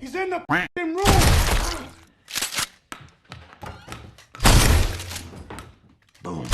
He's in the room. Boom.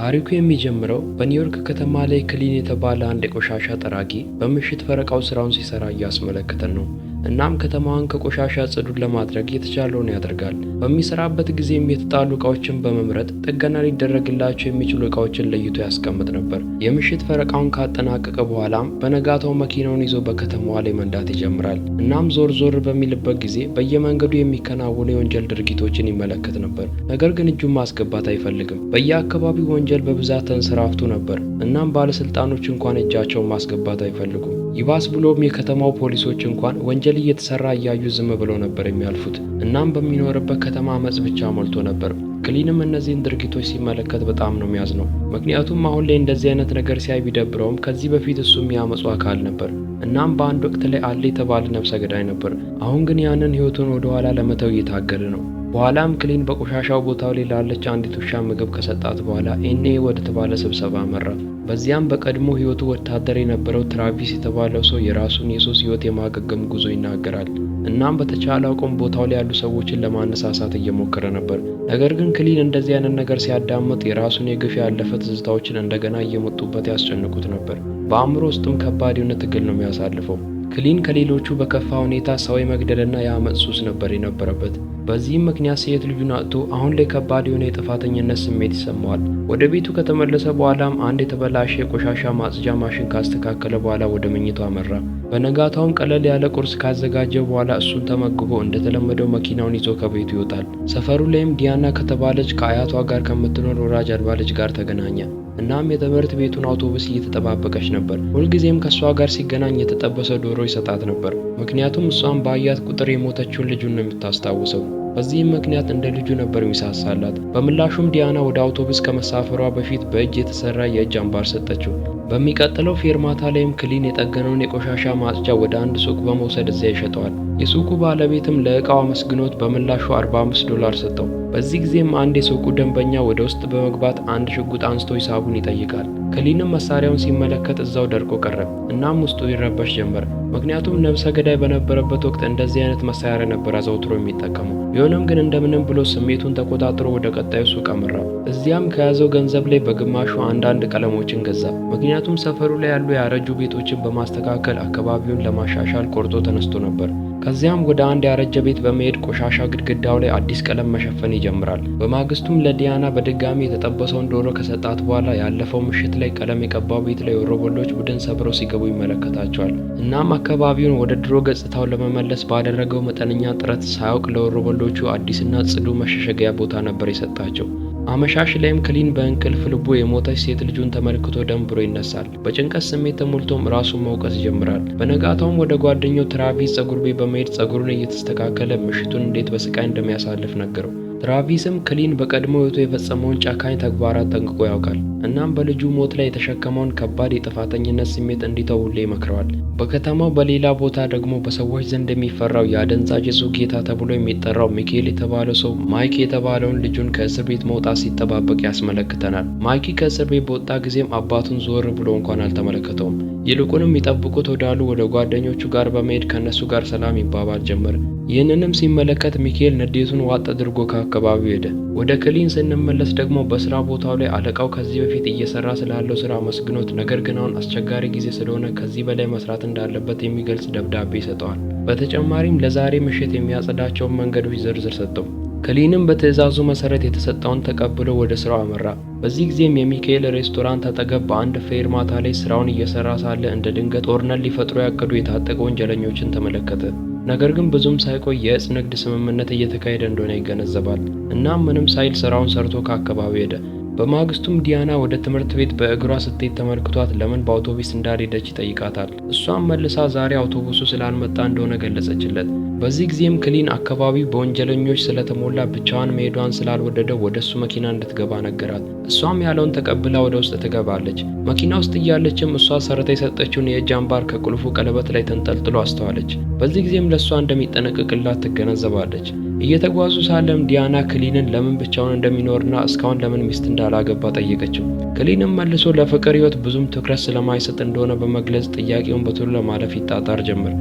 ታሪኩ የሚጀምረው በኒውዮርክ ከተማ ላይ ክሊን የተባለ አንድ የቆሻሻ ጠራጊ በምሽት ፈረቃው ስራውን ሲሰራ እያስመለከተን ነው። እናም ከተማዋን ከቆሻሻ ጽዱን ለማድረግ የተቻለውን ያደርጋል። በሚሰራበት ጊዜም የተጣሉ እቃዎችን በመምረጥ ጥገና ሊደረግላቸው የሚችሉ እቃዎችን ለይቶ ያስቀምጥ ነበር። የምሽት ፈረቃውን ካጠናቀቀ በኋላም በነጋታው መኪናውን ይዞ በከተማዋ ላይ መንዳት ይጀምራል። እናም ዞር ዞር በሚልበት ጊዜ በየመንገዱ የሚከናወኑ የወንጀል ድርጊቶችን ይመለከት ነበር። ነገር ግን እጁን ማስገባት አይፈልግም። በየአካባቢው ወንጀል በብዛት ተንሰራፍቶ ነበር። እናም ባለስልጣኖች እንኳን እጃቸውን ማስገባት አይፈልጉም። ይባስ ብሎም የከተማው ፖሊሶች እንኳን ወንጀል እየተሰራ እያዩ ዝም ብለው ነበር የሚያልፉት። እናም በሚኖርበት ከተማ አመፅ ብቻ ሞልቶ ነበር። ክሊንም እነዚህን ድርጊቶች ሲመለከት በጣም ነው የሚያዝ ነው። ምክንያቱም አሁን ላይ እንደዚህ አይነት ነገር ሲያይ ቢደብረውም ከዚህ በፊት እሱ የሚያመፁ አካል ነበር። እናም በአንድ ወቅት ላይ አለ የተባለ ነብሰ ገዳይ ነበር። አሁን ግን ያንን ህይወቱን ወደኋላ ለመተው እየታገለ ነው። በኋላም ክሊን በቆሻሻው ቦታው ላይ ላለች አንዲት ውሻ ምግብ ከሰጣት በኋላ ኤንኤ ወደ ተባለ ስብሰባ መራ። በዚያም በቀድሞ ህይወቱ ወታደር የነበረው ትራቪስ የተባለው ሰው የራሱን የሶስት ህይወት የማገገም ጉዞ ይናገራል። እናም በተቻለ አቁም ቦታው ላይ ያሉ ሰዎችን ለማነሳሳት እየሞከረ ነበር። ነገር ግን ክሊን እንደዚህ አይነት ነገር ሲያዳምጥ የራሱን የግፍ ያለፈ ትዝታዎችን እንደገና እየመጡበት ያስጨንቁት ነበር። በአእምሮ ውስጥም ከባድ የሆነ ትግል ነው የሚያሳልፈው። ክሊን ከሌሎቹ በከፋ ሁኔታ ሰው የመግደልና የአመፅ ሱስ ነበር የነበረበት። በዚህም ምክንያት ሴት ልጁን አጥቶ አሁን ላይ ከባድ የሆነ የጥፋተኝነት ስሜት ይሰማዋል። ወደ ቤቱ ከተመለሰ በኋላም አንድ የተበላሸ የቆሻሻ ማጽጃ ማሽን ካስተካከለ በኋላ ወደ መኝታው አመራ። በነጋታውም ቀለል ያለ ቁርስ ካዘጋጀ በኋላ እሱን ተመግቦ እንደተለመደው መኪናውን ይዞ ከቤቱ ይወጣል። ሰፈሩ ላይም ዲያና ከተባለች ከአያቷ ጋር ከምትኖር ወራጅ አልባ ልጅ ጋር ተገናኘ። እናም የትምህርት ቤቱን አውቶቡስ እየተጠባበቀች ነበር። ሁልጊዜም ከእሷ ጋር ሲገናኝ የተጠበሰ ዶሮ ይሰጣት ነበር። ምክንያቱም እሷም በአያት ቁጥር የሞተችውን ልጁን ነው የምታስታውሰው። በዚህም ምክንያት እንደ ልጁ ነበር የሚሳሳላት። በምላሹም ዲያና ወደ አውቶቡስ ከመሳፈሯ በፊት በእጅ የተሰራ የእጅ አምባር ሰጠችው። በሚቀጥለው ፌርማታ ላይም ክሊን የጠገነውን የቆሻሻ ማጽጃ ወደ አንድ ሱቅ በመውሰድ እዚያ ይሸጠዋል። የሱቁ ባለቤትም ለእቃው አመስግኖት በምላሹ 45 ዶላር ሰጠው። በዚህ ጊዜም አንድ የሱቁ ደንበኛ ወደ ውስጥ በመግባት አንድ ሽጉጥ አንስቶ ሂሳቡን ይጠይቃል። ክሊንም መሳሪያውን ሲመለከት እዛው ደርቆ ቀረ። እናም ውስጡ ይረበሽ ጀመር። ምክንያቱም ነብሰ ገዳይ በነበረበት ወቅት እንደዚህ አይነት መሳሪያ ነበር አዘውትሮ የሚጠቀሙ። ቢሆንም ግን እንደምንም ብሎ ስሜቱን ተቆጣጥሮ ወደ ቀጣዩ ሱቅ አመራ። እዚያም ከያዘው ገንዘብ ላይ በግማሹ አንዳንድ ቀለሞችን ገዛ። ምክንያቱም ሰፈሩ ላይ ያሉ ያረጁ ቤቶችን በማስተካከል አካባቢውን ለማሻሻል ቆርጦ ተነስቶ ነበር። ከዚያም ወደ አንድ ያረጀ ቤት በመሄድ ቆሻሻ ግድግዳው ላይ አዲስ ቀለም መሸፈን ይጀምራል። በማግስቱም ለዲያና በድጋሚ የተጠበሰውን ዶሮ ከሰጣት በኋላ ያለፈው ምሽት ላይ ቀለም የቀባው ቤት ላይ ወሮበሎች ቡድን ሰብረው ሲገቡ ይመለከታቸዋል። እናም አካባቢውን ወደ ድሮ ገጽታው ለመመለስ ባደረገው መጠነኛ ጥረት ሳያውቅ ለወሮበሎቹ አዲስና ጽዱ መሸሸጊያ ቦታ ነበር የሰጣቸው። አመሻሽ ላይም ክሊን በእንቅልፍ ልቡ የሞተች ሴት ልጁን ተመልክቶ ደንብሮ ይነሳል። በጭንቀት ስሜት ተሞልቶም ራሱን መውቀስ ይጀምራል። በነጋታውም ወደ ጓደኛው ትራቪስ ጸጉር ቤት በመሄድ ጸጉሩን እየተስተካከለ ምሽቱን እንዴት በስቃይ እንደሚያሳልፍ ነገረው። ትራቪስም ክሊን በቀድሞ ህይወቱ የፈጸመውን ጨካኝ ተግባራት ጠንቅቆ ያውቃል። እናም በልጁ ሞት ላይ የተሸከመውን ከባድ የጥፋተኝነት ስሜት እንዲተው ይመክረዋል። በከተማው በሌላ ቦታ ደግሞ በሰዎች ዘንድ የሚፈራው የአደንዛዥ እጽ ጌታ ተብሎ የሚጠራው ሚካኤል የተባለው ሰው ማይክ የተባለውን ልጁን ከእስር ቤት መውጣት ሲጠባበቅ ያስመለክተናል። ማይኪ ከእስር ቤት በወጣ ጊዜም አባቱን ዞር ብሎ እንኳን አልተመለከተውም። ይልቁንም ይጠብቁት ወዳሉ ወደ ጓደኞቹ ጋር በመሄድ ከእነሱ ጋር ሰላም ይባባል ጀመር። ይህንንም ሲመለከት ሚካኤል ንዴቱን ዋጥ አድርጎ አካባቢው ሄደ። ወደ ክሊን ስንመለስ ደግሞ በስራ ቦታው ላይ አለቃው ከዚህ በፊት እየሰራ ስላለው ስራ መስግኖት ነገር ግን አሁን አስቸጋሪ ጊዜ ስለሆነ ከዚህ በላይ መስራት እንዳለበት የሚገልጽ ደብዳቤ ይሰጠዋል። በተጨማሪም ለዛሬ ምሽት የሚያጸዳቸውን መንገዶች ዝርዝር ሰጠው። ክሊንም በትዕዛዙ መሰረት የተሰጠውን ተቀብሎ ወደ ስራው አመራ። በዚህ ጊዜም የሚካኤል ሬስቶራንት አጠገብ በአንድ ፌርማታ ላይ ስራውን እየሰራ ሳለ እንደ ድንገት ጦርነት ሊፈጥሩ ያቀዱ የታጠቁ ወንጀለኞችን ተመለከተ። ነገር ግን ብዙም ሳይቆይ የእጽ ንግድ ስምምነት እየተካሄደ እንደሆነ ይገነዘባል። እናም ምንም ሳይል ስራውን ሰርቶ ከአካባቢው ሄደ። በማግስቱም ዲያና ወደ ትምህርት ቤት በእግሯ ስትሄድ ተመልክቷት ለምን በአውቶቡስ እንዳልሄደች ይጠይቃታል። እሷም መልሳ ዛሬ አውቶቡሱ ስላልመጣ እንደሆነ ገለጸችለት። በዚህ ጊዜም ክሊን አካባቢው በወንጀለኞች ስለተሞላ ብቻዋን መሄዷን ስላልወደደው ወደ እሱ መኪና እንድትገባ ነገራት። እሷም ያለውን ተቀብላ ወደ ውስጥ ትገባለች። መኪና ውስጥ እያለችም እሷ ሰረታ የሰጠችውን የእጅ አምባር ከቁልፉ ቀለበት ላይ ተንጠልጥሎ አስተዋለች። በዚህ ጊዜም ለእሷ እንደሚጠነቅቅላት ትገነዘባለች። እየተጓዙ ሳለም ዲያና ክሊንን ለምን ብቻውን እንደሚኖርና እስካሁን ለምን ሚስት እንዳላገባ ጠየቀችው። ክሊንም መልሶ ለፍቅር ህይወት ብዙም ትኩረት ስለማይሰጥ እንደሆነ በመግለጽ ጥያቄውን በቶሎ ለማለፍ ይጣጣር ጀምር።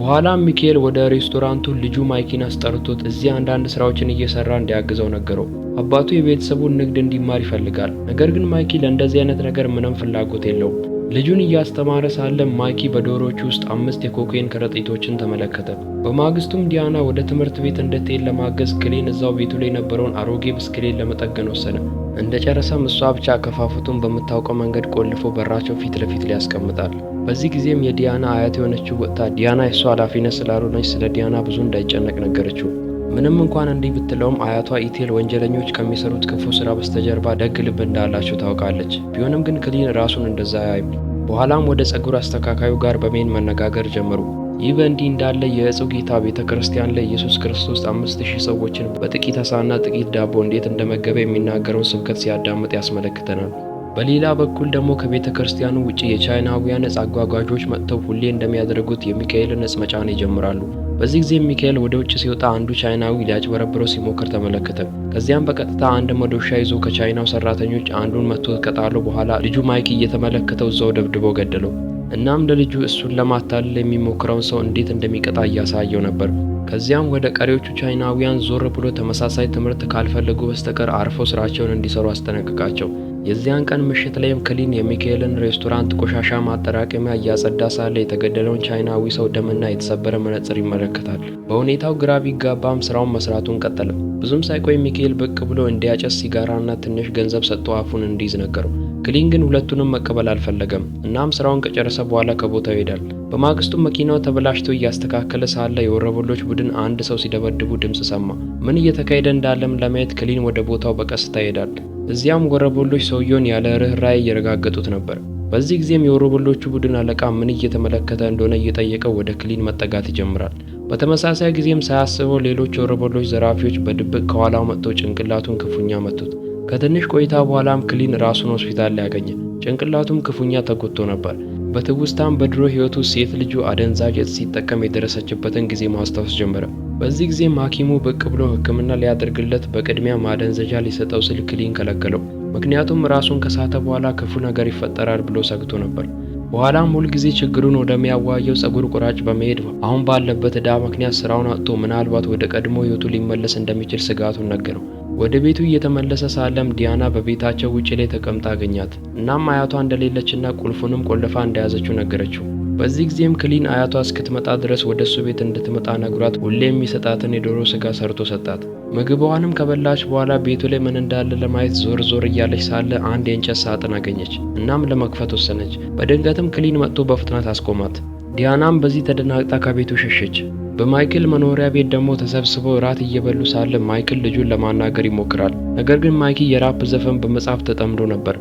በኋላም ሚካኤል ወደ ሬስቶራንቱ ልጁ ማይኪን አስጠርቶት እዚህ አንዳንድ ስራዎችን እየሰራ እንዲያግዘው ነገረው። አባቱ የቤተሰቡን ንግድ እንዲማር ይፈልጋል። ነገር ግን ማይኪ ለእንደዚህ አይነት ነገር ምንም ፍላጎት የለውም። ልጁን እያስተማረ ሳለ ማይኪ በዶሮዎቹ ውስጥ አምስት የኮኬን ከረጢቶችን ተመለከተ። በማግስቱም ዲያና ወደ ትምህርት ቤት እንድትሄድ ለማገዝ ክሌን እዛው ቤቱ ላይ የነበረውን አሮጌ ብስክሌን ለመጠገን ወሰነ። ጨረሰም እሷ ብቻ ከፋፉቱን በምታውቀው መንገድ ቆልፎ በራቸው ፊት ለፊት ሊያስቀምጣል። በዚህ ጊዜም የዲያና አያት የሆነችው ወጥታ ዲያና የእሷ ኃላፊነት ስላልሆነች ስለ ዲያና ብዙ እንዳይጨነቅ ነገረችው። ምንም እንኳን እንዲህ ብትለውም አያቷ ኢቴል ወንጀለኞች ከሚሰሩት ክፉ ስራ በስተጀርባ ደግ ልብ እንዳላቸው ታውቃለች። ቢሆንም ግን ክሊን ራሱን እንደዛ አያይም። በኋላም ወደ ጸጉር አስተካካዩ ጋር በሜን መነጋገር ጀመሩ። ይህ በእንዲህ እንዳለ የእጽው ጌታ ቤተ ክርስቲያን ላይ ኢየሱስ ክርስቶስ አምስት ሺህ ሰዎችን በጥቂት አሳና ጥቂት ዳቦ እንዴት እንደመገበ የሚናገረውን ስብከት ሲያዳምጥ ያስመለክተናል። በሌላ በኩል ደግሞ ከቤተ ክርስቲያኑ ውጭ የቻይናውያን እጽ አጓጓዦች መጥተው ሁሌ እንደሚያደርጉት የሚካኤልን እጽ መጫን ይጀምራሉ። በዚህ ጊዜ ሚካኤል ወደ ውጭ ሲወጣ አንዱ ቻይናዊ ሊያጭበረብረው ሲሞክር ተመለከተ። ከዚያም በቀጥታ አንድ መዶሻ ይዞ ከቻይናው ሰራተኞች አንዱን መጥቶ ከጣለው በኋላ ልጁ ማይክ እየተመለከተው እዛው ደብድቦ ገደለው። እናም ለልጁ እሱን ለማታለል የሚሞክረውን ሰው እንዴት እንደሚቀጣ እያሳየው ነበር። ከዚያም ወደ ቀሪዎቹ ቻይናውያን ዞር ብሎ ተመሳሳይ ትምህርት ካልፈለጉ በስተቀር አርፎ ስራቸውን እንዲሰሩ አስጠነቅቃቸው። የዚያን ቀን ምሽት ላይም ክሊን የሚካኤልን ሬስቶራንት ቆሻሻ ማጠራቀሚያ እያጸዳ ሳለ የተገደለውን ቻይናዊ ሰው ደምና የተሰበረ መነጽር ይመለከታል። በሁኔታው ግራ ቢጋባም ስራውን መስራቱን ቀጠለም። ብዙም ሳይቆይ ሚካኤል ብቅ ብሎ እንዲያጨስ ሲጋራና ትንሽ ገንዘብ ሰጥቶ አፉን እንዲይዝ ነገረው። ክሊን ግን ሁለቱንም መቀበል አልፈለገም። እናም ስራውን ከጨረሰ በኋላ ከቦታው ይሄዳል። በማግስቱ መኪናው ተበላሽቶ እያስተካከለ ሳለ የወረበሎች ቡድን አንድ ሰው ሲደበድቡ ድምፅ ሰማ። ምን እየተካሄደ እንዳለም ለማየት ክሊን ወደ ቦታው በቀስታ ይሄዳል። እዚያም ወረበሎች ሰውየውን ያለ ርኅራኄ እየረጋገጡት ነበር። በዚህ ጊዜም የወረበሎቹ ቡድን አለቃ ምን እየተመለከተ እንደሆነ እየጠየቀው ወደ ክሊን መጠጋት ይጀምራል። በተመሳሳይ ጊዜም ሳያስበው ሌሎች የወረበሎች ዘራፊዎች በድብቅ ከኋላው መጥተው ጭንቅላቱን ክፉኛ መቱት። ከትንሽ ቆይታ በኋላም ክሊን ራሱን ሆስፒታል ላይ ያገኘ፣ ጭንቅላቱም ክፉኛ ተጎድቶ ነበር። በትውስታም በድሮ ህይወቱ ሴት ልጁ አደንዛዥ ሲጠቀም የደረሰችበትን ጊዜ ማስታወስ ጀመረ። በዚህ ጊዜም ሐኪሙ ብቅ ብሎ ሕክምና ሊያደርግለት በቅድሚያ ማደንዘዣ ሊሰጠው ስል ክሊን ከለከለው። ምክንያቱም ራሱን ከሳተ በኋላ ክፉ ነገር ይፈጠራል ብሎ ሰግቶ ነበር። በኋላም ሁልጊዜ ችግሩን ወደሚያዋየው ጸጉር ቁራጭ በመሄድ አሁን ባለበት ዕዳ ምክንያት ስራውን አጥቶ ምናልባት ወደ ቀድሞ ህይወቱ ሊመለስ እንደሚችል ስጋቱን ነገረው። ወደ ቤቱ እየተመለሰ ሳለም ዲያና በቤታቸው ውጭ ላይ ተቀምጣ አገኛት። እናም አያቷ እንደሌለችና ቁልፉንም ቆልፋ እንደያዘችው ነገረችው። በዚህ ጊዜም ክሊን አያቷ እስክትመጣ ድረስ ወደ እሱ ቤት እንድትመጣ ነግሯት ሁሌ የሚሰጣትን የዶሮ ስጋ ሰርቶ ሰጣት። ምግቧንም ከበላች በኋላ ቤቱ ላይ ምን እንዳለ ለማየት ዞር ዞር እያለች ሳለ አንድ የእንጨት ሳጥን አገኘች። እናም ለመክፈት ወሰነች። በድንገትም ክሊን መጥቶ በፍጥነት አስቆማት። ዲያናም በዚህ ተደናግጣ ከቤቱ ሸሸች። በማይክል መኖሪያ ቤት ደግሞ ተሰብስበው እራት እየበሉ ሳለ ማይክል ልጁን ለማናገር ይሞክራል። ነገር ግን ማይኪ የራፕ ዘፈን በመጻፍ ተጠምዶ ነበር።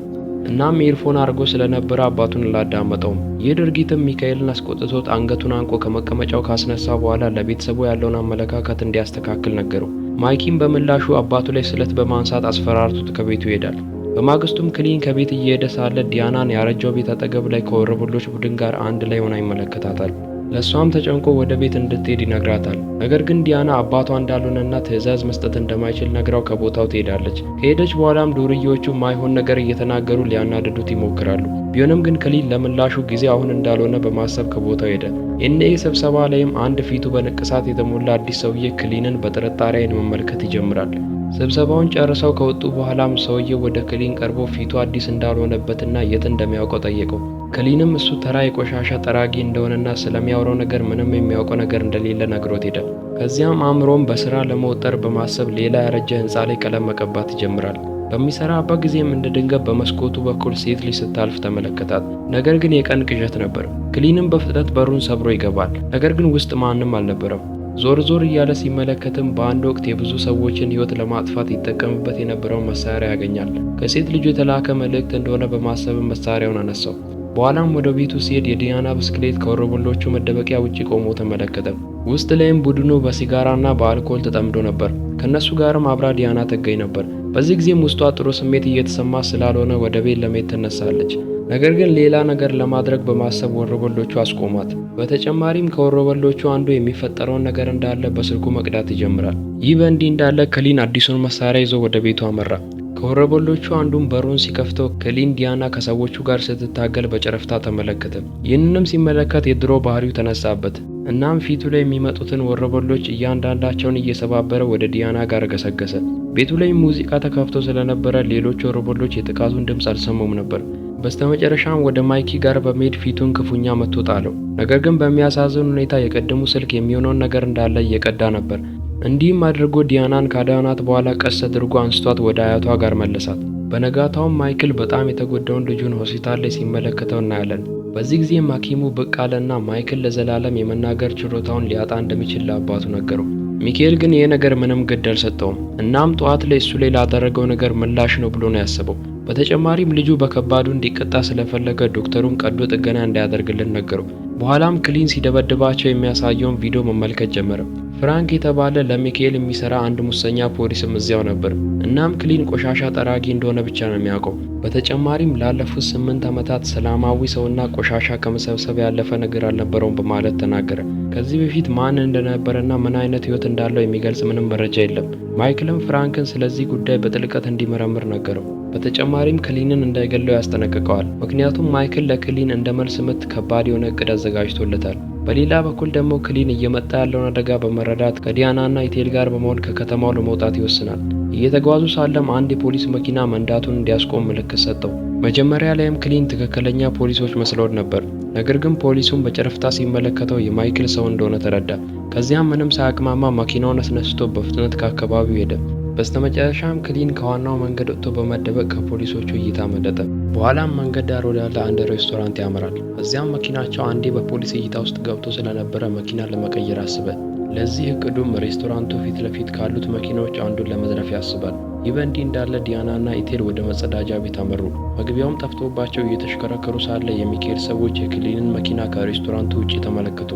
እናም ኤርፎን አድርጎ ስለነበረ አባቱን አላዳመጠውም። ይህ ድርጊትም ሚካኤልን አስቆጥቶት አንገቱን አንቆ ከመቀመጫው ካስነሳ በኋላ ለቤተሰቡ ያለውን አመለካከት እንዲያስተካክል ነገረው። ማይኪም በምላሹ አባቱ ላይ ስለት በማንሳት አስፈራርቶት ከቤቱ ይሄዳል። በማግስቱም ክሊን ከቤት እየሄደ ሳለ ዲያናን ያረጀው ቤት አጠገብ ላይ ከወረበሎች ቡድን ጋር አንድ ላይ ሆና ይመለከታታል። ለእሷም ተጨንቆ ወደ ቤት እንድትሄድ ይነግራታል። ነገር ግን ዲያና አባቷ እንዳልሆነና ትዕዛዝ መስጠት እንደማይችል ነግራው ከቦታው ትሄዳለች። ከሄደች በኋላም ዱርዬዎቹ ማይሆን ነገር እየተናገሩ ሊያናድዱት ይሞክራሉ። ቢሆንም ግን ክሊል ለምላሹ ጊዜ አሁን እንዳልሆነ በማሰብ ከቦታው ሄደ። ኤንኤ ስብሰባ ላይም አንድ ፊቱ በንቅሳት የተሞላ አዲስ ሰውዬ ክሊንን በጥርጣሬ መመልከት ይጀምራል። ስብሰባውን ጨርሰው ከወጡ በኋላም ሰውየው ወደ ክሊን ቀርቦ ፊቱ አዲስ እንዳልሆነበትና የት እንደሚያውቀው ጠየቀው። ክሊንም እሱ ተራ የቆሻሻ ጠራጊ እንደሆነና ስለሚያወራው ነገር ምንም የሚያውቀው ነገር እንደሌለ ነግሮት ሄደ። ከዚያም አእምሮም በስራ ለመውጠር በማሰብ ሌላ ያረጀ ህንፃ ላይ ቀለም መቀባት ይጀምራል። በሚሰራበት ጊዜም እንደ ድንገት በመስኮቱ በኩል ሴት ልጅ ስታልፍ ተመለከታት። ነገር ግን የቀን ቅዠት ነበር። ክሊንም በፍጥነት በሩን ሰብሮ ይገባል። ነገር ግን ውስጥ ማንም አልነበረም። ዞር ዞር እያለ ሲመለከትም በአንድ ወቅት የብዙ ሰዎችን ህይወት ለማጥፋት ይጠቀምበት የነበረውን መሳሪያ ያገኛል። ከሴት ልጁ የተላከ መልእክት እንደሆነ በማሰብም መሳሪያውን አነሳው። በኋላም ወደ ቤቱ ሲሄድ የዲያና ብስክሌት ከወሮበሎቹ መደበቂያ ውጭ ቆሞ ተመለከተ። ውስጥ ላይም ቡድኑ በሲጋራና በአልኮል ተጠምዶ ነበር። ከእነሱ ጋርም አብራ ዲያና ትገኝ ነበር። በዚህ ጊዜም ውስጧ ጥሩ ስሜት እየተሰማ ስላልሆነ ወደ ቤት ለመሄድ ትነሳለች። ነገር ግን ሌላ ነገር ለማድረግ በማሰብ ወሮበሎቹ አስቆሟት። በተጨማሪም ከወሮበሎቹ አንዱ የሚፈጠረውን ነገር እንዳለ በስልኩ መቅዳት ይጀምራል። ይህ በእንዲህ እንዳለ ክሊን አዲሱን መሳሪያ ይዞ ወደ ቤቱ አመራ። ከወረበሎቹ አንዱን በሩን ሲከፍተው ክሊን ዲያና ከሰዎቹ ጋር ስትታገል በጨረፍታ ተመለከተ። ይህንንም ሲመለከት የድሮ ባህሪው ተነሳበት። እናም ፊቱ ላይ የሚመጡትን ወረበሎች እያንዳንዳቸውን እየሰባበረ ወደ ዲያና ጋር ገሰገሰ። ቤቱ ላይ ሙዚቃ ተከፍቶ ስለነበረ ሌሎች ወረበሎች የጥቃቱን ድምፅ አልሰሙም ነበር። በስተመጨረሻም ወደ ማይኪ ጋር በመሄድ ፊቱን ክፉኛ መቶ ጣለው። ነገር ግን በሚያሳዝን ሁኔታ የቀድሙ ስልክ የሚሆነውን ነገር እንዳለ እየቀዳ ነበር። እንዲህም አድርጎ ዲያናን ካዳናት በኋላ ቀስ አድርጎ አንስቷት ወደ አያቷ ጋር መለሳት። በነጋታውም ማይክል በጣም የተጎዳውን ልጁን ሆስፒታል ላይ ሲመለከተው እናያለን። በዚህ ጊዜ ሐኪሙ ብቅ አለና ማይክል ለዘላለም የመናገር ችሎታውን ሊያጣ እንደሚችል ለአባቱ ነገረው። ሚካኤል ግን ይህ ነገር ምንም ግድ አልሰጠውም። እናም ጠዋት ላይ እሱ ላይ ላደረገው ነገር ምላሽ ነው ብሎ ነው ያሰበው። በተጨማሪም ልጁ በከባዱ እንዲቀጣ ስለፈለገ ዶክተሩን ቀዶ ጥገና እንዳያደርግልን ነገረው። በኋላም ክሊን ሲደበድባቸው የሚያሳየውን ቪዲዮ መመልከት ጀመረ። ፍራንክ የተባለ ለሚካኤል የሚሰራ አንድ ሙሰኛ ፖሊስም እዚያው ነበር። እናም ክሊን ቆሻሻ ጠራጊ እንደሆነ ብቻ ነው የሚያውቀው። በተጨማሪም ላለፉት ስምንት ዓመታት ሰላማዊ ሰውና ቆሻሻ ከመሰብሰብ ያለፈ ነገር አልነበረውም በማለት ተናገረ። ከዚህ በፊት ማን እንደነበረና ምን አይነት ህይወት እንዳለው የሚገልጽ ምንም መረጃ የለም። ማይክልም ፍራንክን ስለዚህ ጉዳይ በጥልቀት እንዲመረምር ነገረው። በተጨማሪም ክሊንን እንዳይገለው ያስጠነቅቀዋል። ምክንያቱም ማይክል ለክሊን እንደ መልስ ምት ከባድ የሆነ እቅድ አዘጋጅቶለታል። በሌላ በኩል ደግሞ ክሊን እየመጣ ያለውን አደጋ በመረዳት ከዲያናና ኢቴል ጋር በመሆን ከከተማው ለመውጣት ይወስናል። እየተጓዙ ሳለም አንድ የፖሊስ መኪና መንዳቱን እንዲያስቆም ምልክት ሰጠው። መጀመሪያ ላይም ክሊን ትክክለኛ ፖሊሶች መስለውን ነበር። ነገር ግን ፖሊሱን በጨረፍታ ሲመለከተው የማይክል ሰው እንደሆነ ተረዳ። ከዚያም ምንም ሳያቅማማ መኪናውን አስነስቶ በፍጥነት ከአካባቢው ሄደ። በስተመጨረሻም ክሊን ከዋናው መንገድ ወጥቶ በመደበቅ ከፖሊሶቹ እይታ መደጠ። በኋላም መንገድ ዳር ወዳለ አንድ ሬስቶራንት ያመራል። እዚያም መኪናቸው አንዴ በፖሊስ እይታ ውስጥ ገብቶ ስለነበረ መኪና ለመቀየር አስበ። ለዚህ እቅዱም ሬስቶራንቱ ፊት ለፊት ካሉት መኪናዎች አንዱን ለመዝረፍ ያስባል። ይህ በእንዲህ እንዳለ ዲያና እና ኢቴል ወደ መጸዳጃ ቤት አመሩ። መግቢያውም ጠፍቶባቸው እየተሽከረከሩ ሳለ የሚካኤል ሰዎች የክሊንን መኪና ከሬስቶራንቱ ውጭ ተመለከቱ።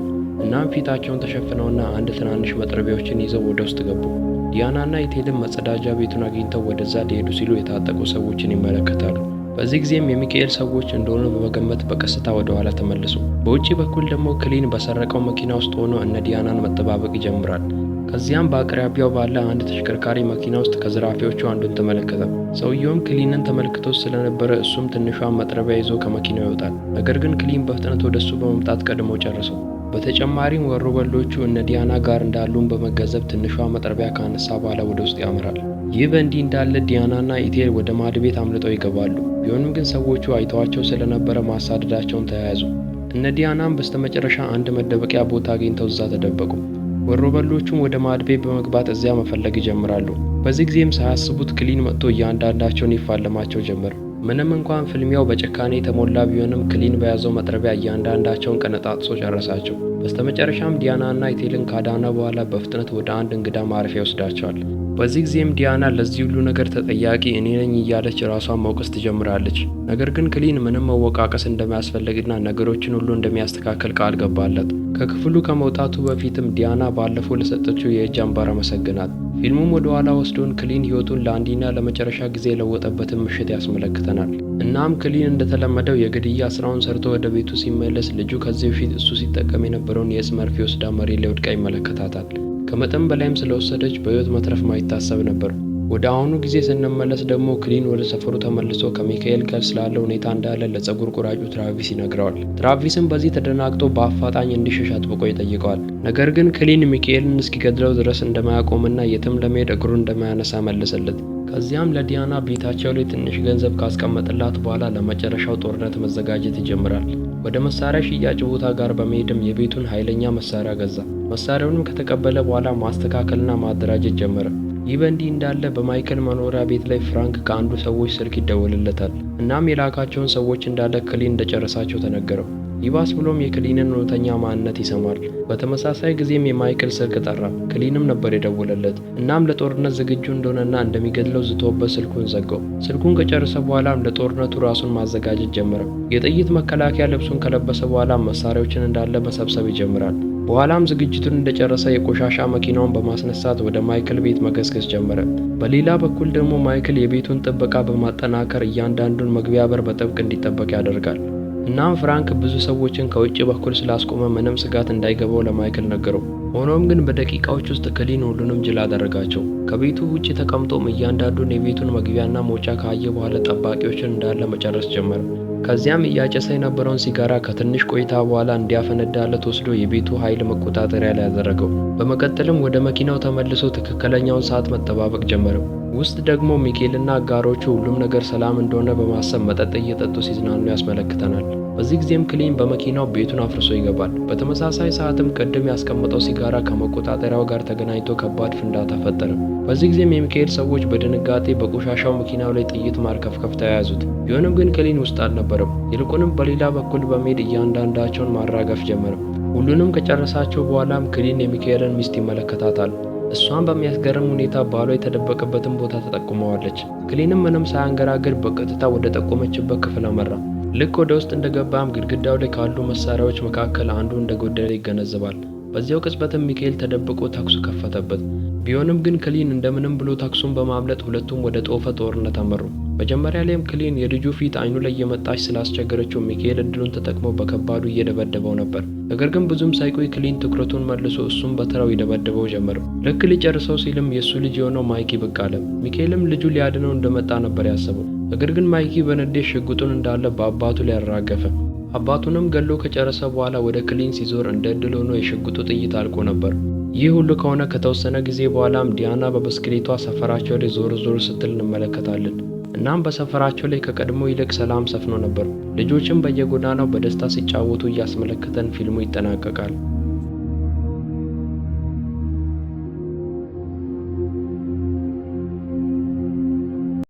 እናም ፊታቸውን ተሸፍነውና አንድ ትናንሽ መጥረቢያዎችን ይዘው ወደ ውስጥ ገቡ። ዲያናና የቴልም መጸዳጃ ቤቱን አግኝተው ወደዛ ሊሄዱ ሲሉ የታጠቁ ሰዎችን ይመለከታሉ። በዚህ ጊዜም የሚካኤል ሰዎች እንደሆኑ በመገመት በቀስታ ወደ ኋላ ተመልሱ። በውጭ በኩል ደግሞ ክሊን በሰረቀው መኪና ውስጥ ሆኖ እነ ዲያናን መጠባበቅ ይጀምራል። ከዚያም በአቅራቢያው ባለ አንድ ተሽከርካሪ መኪና ውስጥ ከዘራፊዎቹ አንዱን ተመለከተ። ሰውየውም ክሊንን ተመልክቶ ስለነበረ እሱም ትንሿን መጥረቢያ ይዞ ከመኪናው ይወጣል። ነገር ግን ክሊን በፍጥነት ወደሱ በመምጣት ቀድሞ ጨርሰው። በተጨማሪም ወሮበሎቹ እነ ዲያና ጋር እንዳሉን በመገንዘብ ትንሿ መጥረቢያ ካነሳ በኋላ ወደ ውስጥ ያመራል። ይህ በእንዲህ እንዳለ ዲያናና ኢቴል ወደ ማድ ቤት አምልጠው ይገባሉ። ቢሆንም ግን ሰዎቹ አይተዋቸው ስለነበረ ማሳደዳቸውን ተያያዙ። እነ ዲያናም በስተመጨረሻ አንድ መደበቂያ ቦታ አግኝተው እዛ ተደበቁ። ወሮበሎቹም ወደ ማድቤ ቤት በመግባት እዚያ መፈለግ ይጀምራሉ። በዚህ ጊዜም ሳያስቡት ክሊን መጥቶ እያንዳንዳቸውን ይፋለማቸው ጀምር ምንም እንኳን ፍልሚያው በጭካኔ የተሞላ ቢሆንም ክሊን በያዘው መጥረቢያ እያንዳንዳቸውን ቀነጣጥሶ ጨረሳቸው። በስተመጨረሻም ዲያና እና ኢቴልን ካዳነ በኋላ በፍጥነት ወደ አንድ እንግዳ ማረፊያ ይወስዳቸዋል። በዚህ ጊዜም ዲያና ለዚህ ሁሉ ነገር ተጠያቂ እኔ ነኝ እያለች ራሷን መውቀስ ትጀምራለች። ነገር ግን ክሊን ምንም መወቃቀስ እንደሚያስፈልግና ነገሮችን ሁሉ እንደሚያስተካከል ቃል ገባለት። ከክፍሉ ከመውጣቱ በፊትም ዲያና ባለፈው ለሰጠችው የእጅ አምባር አመሰግናት። ፊልሙም ወደ ኋላ ወስዶን ክሊን ህይወቱን ለአንዲና ለመጨረሻ ጊዜ የለወጠበትን ምሽት ያስመለክተናል። እናም ክሊን እንደተለመደው የግድያ ስራውን ሰርቶ ወደ ቤቱ ሲመለስ ልጁ ከዚህ በፊት እሱ ሲጠቀም የነበረውን የእጽ መርፌ ወስዳ መሬት ላይ ወድቃ ይመለከታታል። ከመጠን በላይም ስለወሰደች በህይወት መትረፍ ማይታሰብ ነበር። ወደ አሁኑ ጊዜ ስንመለስ ደግሞ ክሊን ወደ ሰፈሩ ተመልሶ ከሚካኤል ጋር ስላለ ሁኔታ እንዳለ ለጸጉር ቁራጩ ትራቪስ ይነግረዋል። ትራቪስም በዚህ ተደናግጦ በአፋጣኝ እንዲሸሽ አጥብቆ ይጠይቀዋል። ነገር ግን ክሊን ሚካኤልን እስኪገድለው ድረስ እንደማያቆምና የትም ለመሄድ እግሩ እንደማያነሳ መለሰለት። ከዚያም ለዲያና ቤታቸው ላይ ትንሽ ገንዘብ ካስቀመጥላት በኋላ ለመጨረሻው ጦርነት መዘጋጀት ይጀምራል። ወደ መሳሪያ ሽያጭ ቦታ ጋር በመሄድም የቤቱን ኃይለኛ መሳሪያ ገዛ። መሳሪያውንም ከተቀበለ በኋላ ማስተካከልና ማደራጀት ጀመረ። ይህ በእንዲህ እንዳለ በማይክል መኖሪያ ቤት ላይ ፍራንክ ከአንዱ ሰዎች ስልክ ይደወልለታል። እናም የላካቸውን ሰዎች እንዳለ ክሊን እንደጨረሳቸው ተነገረው። ይባስ ብሎም የክሊንን እውነተኛ ማንነት ይሰማል። በተመሳሳይ ጊዜም የማይክል ስልክ ጠራ። ክሊንም ነበር የደወለለት። እናም ለጦርነት ዝግጁ እንደሆነና እንደሚገድለው ዝቶበት ስልኩን ዘጋው። ስልኩን ከጨረሰ በኋላም ለጦርነቱ ራሱን ማዘጋጀት ጀመረ። የጥይት መከላከያ ልብሱን ከለበሰ በኋላ መሳሪያዎችን እንዳለ መሰብሰብ ይጀምራል። በኋላም ዝግጅቱን እንደጨረሰ የቆሻሻ መኪናውን በማስነሳት ወደ ማይክል ቤት መገስገስ ጀመረ። በሌላ በኩል ደግሞ ማይክል የቤቱን ጥበቃ በማጠናከር እያንዳንዱን መግቢያ በር በጥብቅ እንዲጠበቅ ያደርጋል። እናም ፍራንክ ብዙ ሰዎችን ከውጭ በኩል ስላስቆመ ምንም ስጋት እንዳይገባው ለማይክል ነገረው። ሆኖም ግን በደቂቃዎች ውስጥ ክሊን ሁሉንም ጅል አደረጋቸው። ከቤቱ ውጭ ተቀምጦም እያንዳንዱን የቤቱን መግቢያና መውጫ ካየ በኋላ ጠባቂዎችን እንዳለ መጨረስ ጀመረ። ከዚያም እያጨሰ የነበረውን ሲጋራ ከትንሽ ቆይታ በኋላ እንዲያፈነዳለት ወስዶ የቤቱ ኃይል መቆጣጠሪያ ላይ ያደረገው። በመቀጠልም ወደ መኪናው ተመልሶ ትክክለኛውን ሰዓት መጠባበቅ ጀመረው። ውስጥ ደግሞ ሚኬልና አጋሮቹ ሁሉም ነገር ሰላም እንደሆነ በማሰብ መጠጥ እየጠጡ ሲዝናኑ ያስመለክተናል። በዚህ ጊዜም ክሊን በመኪናው ቤቱን አፍርሶ ይገባል። በተመሳሳይ ሰዓትም ቅድም ያስቀመጠው ሲጋራ ከመቆጣጠሪያው ጋር ተገናኝቶ ከባድ ፍንዳታ ፈጠረ። በዚህ ጊዜም የሚካኤል ሰዎች በድንጋጤ በቆሻሻው መኪናው ላይ ጥይት ማርከፍከፍ ተያያዙት። ቢሆንም ግን ክሊን ውስጥ አልነበረም። ይልቁንም በሌላ በኩል በመሄድ እያንዳንዳቸውን ማራገፍ ጀመረ። ሁሉንም ከጨረሳቸው በኋላም ክሊን የሚካኤልን ሚስት ይመለከታታል። እሷን በሚያስገርም ሁኔታ ባሏ የተደበቀበትን ቦታ ተጠቁመዋለች። ክሊንም ምንም ሳያንገራግር በቀጥታ ወደ ጠቆመችበት ክፍል አመራ። ልክ ወደ ውስጥ እንደገባም ግድግዳው ላይ ካሉ መሳሪያዎች መካከል አንዱ እንደጎደለ ይገነዘባል። በዚያው ቅጽበትም ሚካኤል ተደብቆ ተኩስ ከፈተበት። ቢሆንም ግን ክሊን እንደምንም ብሎ ተኩሱን በማምለጥ ሁለቱም ወደ ጦፈ ጦርነት አመሩ። መጀመሪያ ላይም ክሊን የልጁ ፊት አይኑ ላይ እየመጣች ስላስቸገረችው ሚካኤል እድሉን ተጠቅሞ በከባዱ እየደበደበው ነበር። ነገር ግን ብዙም ሳይቆይ ክሊን ትኩረቱን መልሶ እሱም በተራው ይደበደበው ጀመር። ልክ ሊጨርሰው ሲልም የእሱ ልጅ የሆነው ማይክ ብቅ አለ። ሚካኤልም ልጁ ሊያድነው እንደመጣ ነበር ያሰበው። ነገር ግን ማይኪ በንዴት ሽጉጡን እንዳለ በአባቱ ላይ አራገፈ አባቱንም ገሎ ከጨረሰ በኋላ ወደ ክሊን ሲዞር እንደ እድል ሆኖ የሽጉጡ ጥይት አልቆ ነበር። ይህ ሁሉ ከሆነ ከተወሰነ ጊዜ በኋላም ዲያና በብስክሌቷ ሰፈራቸው ላይ ዞር ዞር ስትል እንመለከታለን። እናም በሰፈራቸው ላይ ከቀድሞ ይልቅ ሰላም ሰፍኖ ነበር። ልጆችም በየጎዳናው በደስታ ሲጫወቱ እያስመለከተን ፊልሙ ይጠናቀቃል።